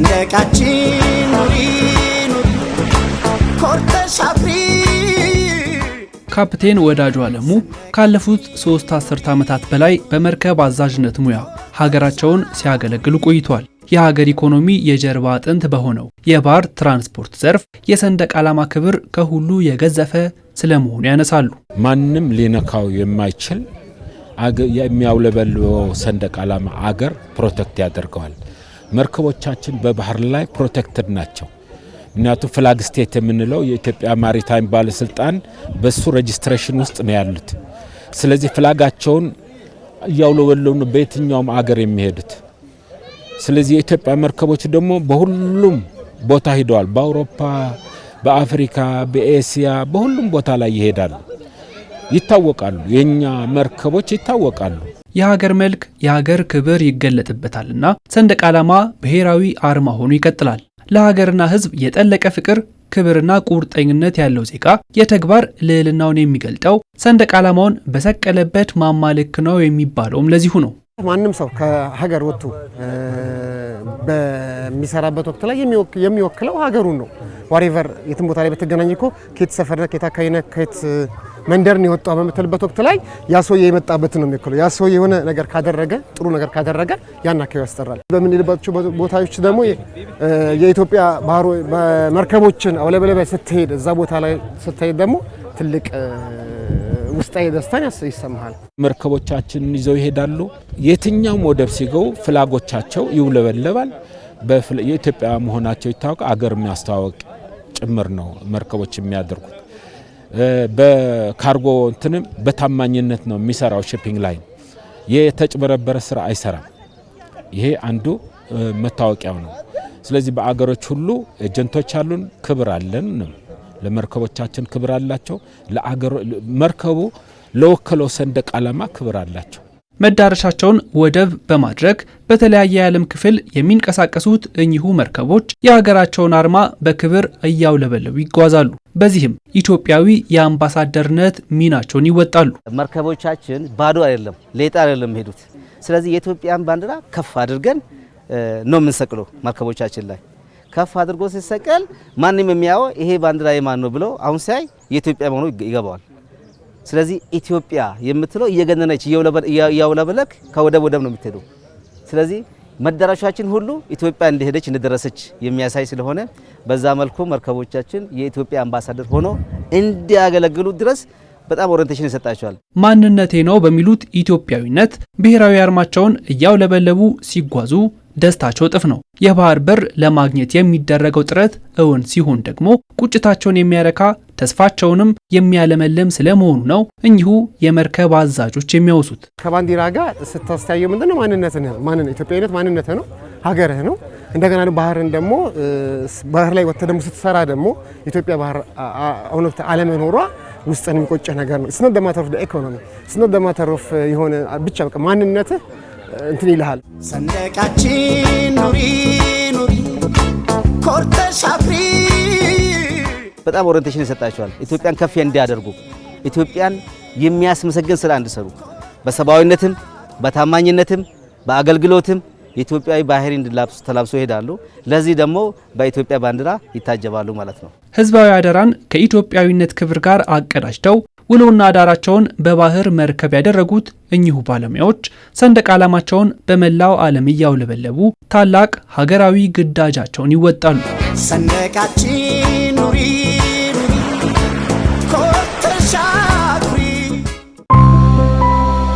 ሰንደቃችን ኑሪ ኑሪ ኮርተሽ አፍሪ። ካፕቴን ወዳጁ አለሙ ካለፉት ሶስት አስርት ዓመታት በላይ በመርከብ አዛዥነት ሙያ ሀገራቸውን ሲያገለግሉ ቆይቷል። የሀገር ኢኮኖሚ የጀርባ አጥንት በሆነው የባህር ትራንስፖርት ዘርፍ የሰንደቅ ዓላማ ክብር ከሁሉ የገዘፈ ስለመሆኑ ያነሳሉ። ማንም ሊነካው የማይችል የሚያውለበልበው ሰንደቅ ዓላማ አገር ፕሮቴክት ያደርገዋል። መርከቦቻችን በባህር ላይ ፕሮቴክትድ ናቸው። ምክንያቱም ፍላግ ስቴት የምንለው የኢትዮጵያ ማሪታይም ባለስልጣን በሱ ሬጅስትሬሽን ውስጥ ነው ያሉት። ስለዚህ ፍላጋቸውን እያውለበለቡ በየትኛውም አገር የሚሄዱት። ስለዚህ የኢትዮጵያ መርከቦች ደግሞ በሁሉም ቦታ ሂደዋል። በአውሮፓ፣ በአፍሪካ፣ በኤስያ በሁሉም ቦታ ላይ ይሄዳሉ። ይታወቃሉ። የእኛ መርከቦች ይታወቃሉ። የሀገር መልክ፣ የሀገር ክብር ይገለጥበታልና ሰንደቅ ዓላማ ብሔራዊ አርማ ሆኖ ይቀጥላል። ለሀገርና ሕዝብ የጠለቀ ፍቅር ክብርና ቁርጠኝነት ያለው ዜጋ የተግባር ልዕልናውን የሚገልጠው ሰንደቅ ዓላማውን በሰቀለበት ማማልክ ነው የሚባለውም ለዚሁ ነው። ማንም ሰው ከሀገር ወጥቶ በሚሰራበት ወቅት ላይ የሚወክለው ሀገሩን ነው። ዋሬቨር የትም ቦታ ላይ በተገናኝ እኮ ከየት ሰፈር ነህ፣ ከየት አካባቢ ነህ፣ ከየት መንደር ነው የወጣው በምትልበት ወቅት ላይ ያ ሰውዬ የመጣበትን ነው የሚወክለው። ያ ሰውዬ የሆነ ነገር ካደረገ፣ ጥሩ ነገር ካደረገ ያን አካባቢ ያስጠራል። በምንሄድባቸው ቦታዎች ደግሞ የኢትዮጵያ ባህሮ መርከቦችን አውለበለበ ስትሄድ፣ እዛ ቦታ ላይ ስትሄድ ደግሞ ትልቅ ውስጣዊ ደስታን ይሰማሃል። መርከቦቻችንን ይዘው ይሄዳሉ። የትኛውም ወደብ ሲገቡ ፍላጎቻቸው ይውለበለባል። የኢትዮጵያ መሆናቸው ይታወቅ አገር የሚያስተዋወቅ ጭምር ነው መርከቦች የሚያደርጉት። በካርጎ እንትንም በታማኝነት ነው የሚሰራው። ሺፒንግ ላይን የተጭበረበረ ስራ አይሰራም። ይሄ አንዱ መታወቂያው ነው። ስለዚህ በአገሮች ሁሉ ኤጀንቶች አሉን፣ ክብር አለን ነው ለመርከቦቻችን ክብር አላቸው። ለአገር መርከቡ ለወከለው ሰንደቅ ዓላማ ክብር አላቸው። መዳረሻቸውን ወደብ በማድረግ በተለያየ የዓለም ክፍል የሚንቀሳቀሱት እኚሁ መርከቦች የሀገራቸውን አርማ በክብር እያውለበለቡ ይጓዛሉ። በዚህም ኢትዮጵያዊ የአምባሳደርነት ሚናቸውን ይወጣሉ። መርከቦቻችን ባዶ አይደለም፣ ሌጣ አይደለም ሄዱት። ስለዚህ የኢትዮጵያን ባንዲራ ከፍ አድርገን ነው የምንሰቅለው መርከቦቻችን ላይ ከፍ አድርጎ ሲሰቀል ማንም የሚያየው ይሄ ባንዲራ የማን ነው ብሎ አሁን ሲያይ የኢትዮጵያ መሆኑ ይገባዋል። ስለዚህ ኢትዮጵያ የምትለው እየገነነች እያውለበለክ ከወደብ ወደብ ነው የምትሄደው። ስለዚህ መዳረሻችን ሁሉ ኢትዮጵያ እንደሄደች እንደደረሰች የሚያሳይ ስለሆነ በዛ መልኩ መርከቦቻችን የኢትዮጵያ አምባሳደር ሆኖ እንዲያገለግሉ ድረስ በጣም ኦሪንቴሽን ይሰጣቸዋል። ማንነቴ ነው በሚሉት ኢትዮጵያዊነት ብሔራዊ አርማቸውን እያውለበለቡ ሲጓዙ ደስታቸው እጥፍ ነው። የባህር በር ለማግኘት የሚደረገው ጥረት እውን ሲሆን ደግሞ ቁጭታቸውን የሚያረካ ተስፋቸውንም የሚያለመልም ስለመሆኑ ነው እኚሁ የመርከብ አዛዦች የሚያወሱት። ከባንዲራ ጋር ስታስተያየው ምንድን ነው ማንነትህ ነው። ኢትዮጵያዊነት ማንነትህ ነው፣ ሀገርህ ነው። እንደገና ባህርን ደግሞ ባህር ላይ ወጥተህ ደግሞ ስትሰራ ደግሞ ኢትዮጵያ ባህር እውነት አለመኖሯ ውስጥን የሚቆጨህ ነገር ነው። ስኖት ደማተሮፍ ኢኮኖሚ ስኖት ደማተሮፍ የሆነ ብቻ በቃ ማንነትህ እንትን ይልሃል። ሰንደቃችን ኑሪ ኑሪ ኮርተሽ አፍሪ። በጣም ኦሪንቴሽን ይሰጣቸዋል። ኢትዮጵያን ከፍ እንዲያደርጉ ኢትዮጵያን የሚያስመሰግን ስራ እንዲሰሩ በሰብአዊነትም በታማኝነትም በአገልግሎትም የኢትዮጵያዊ ባህሪ ተላብሶ ይሄዳሉ። ለዚህ ደግሞ በኢትዮጵያ ባንዲራ ይታጀባሉ ማለት ነው። ህዝባዊ አደራን ከኢትዮጵያዊነት ክብር ጋር አቀዳጅተው ውሎና አዳራቸውን በባህር መርከብ ያደረጉት እኚሁ ባለሙያዎች ሰንደቅ ዓላማቸውን በመላው ዓለም እያውለበለቡ ታላቅ ሀገራዊ ግዳጃቸውን ይወጣሉ። ሰንደቃችን ኑሪ